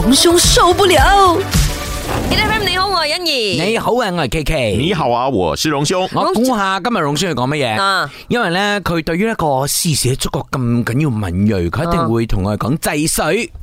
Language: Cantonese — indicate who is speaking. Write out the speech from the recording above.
Speaker 1: 榮兄受不了 e 你好啊，欣兒，你好啊，我係 K K，你好啊，我是榮兄，我估下今日榮兄係講乜嘢？因為咧佢對於一個施捨祖國咁緊要敏銳，佢一定會同我哋講制水。啊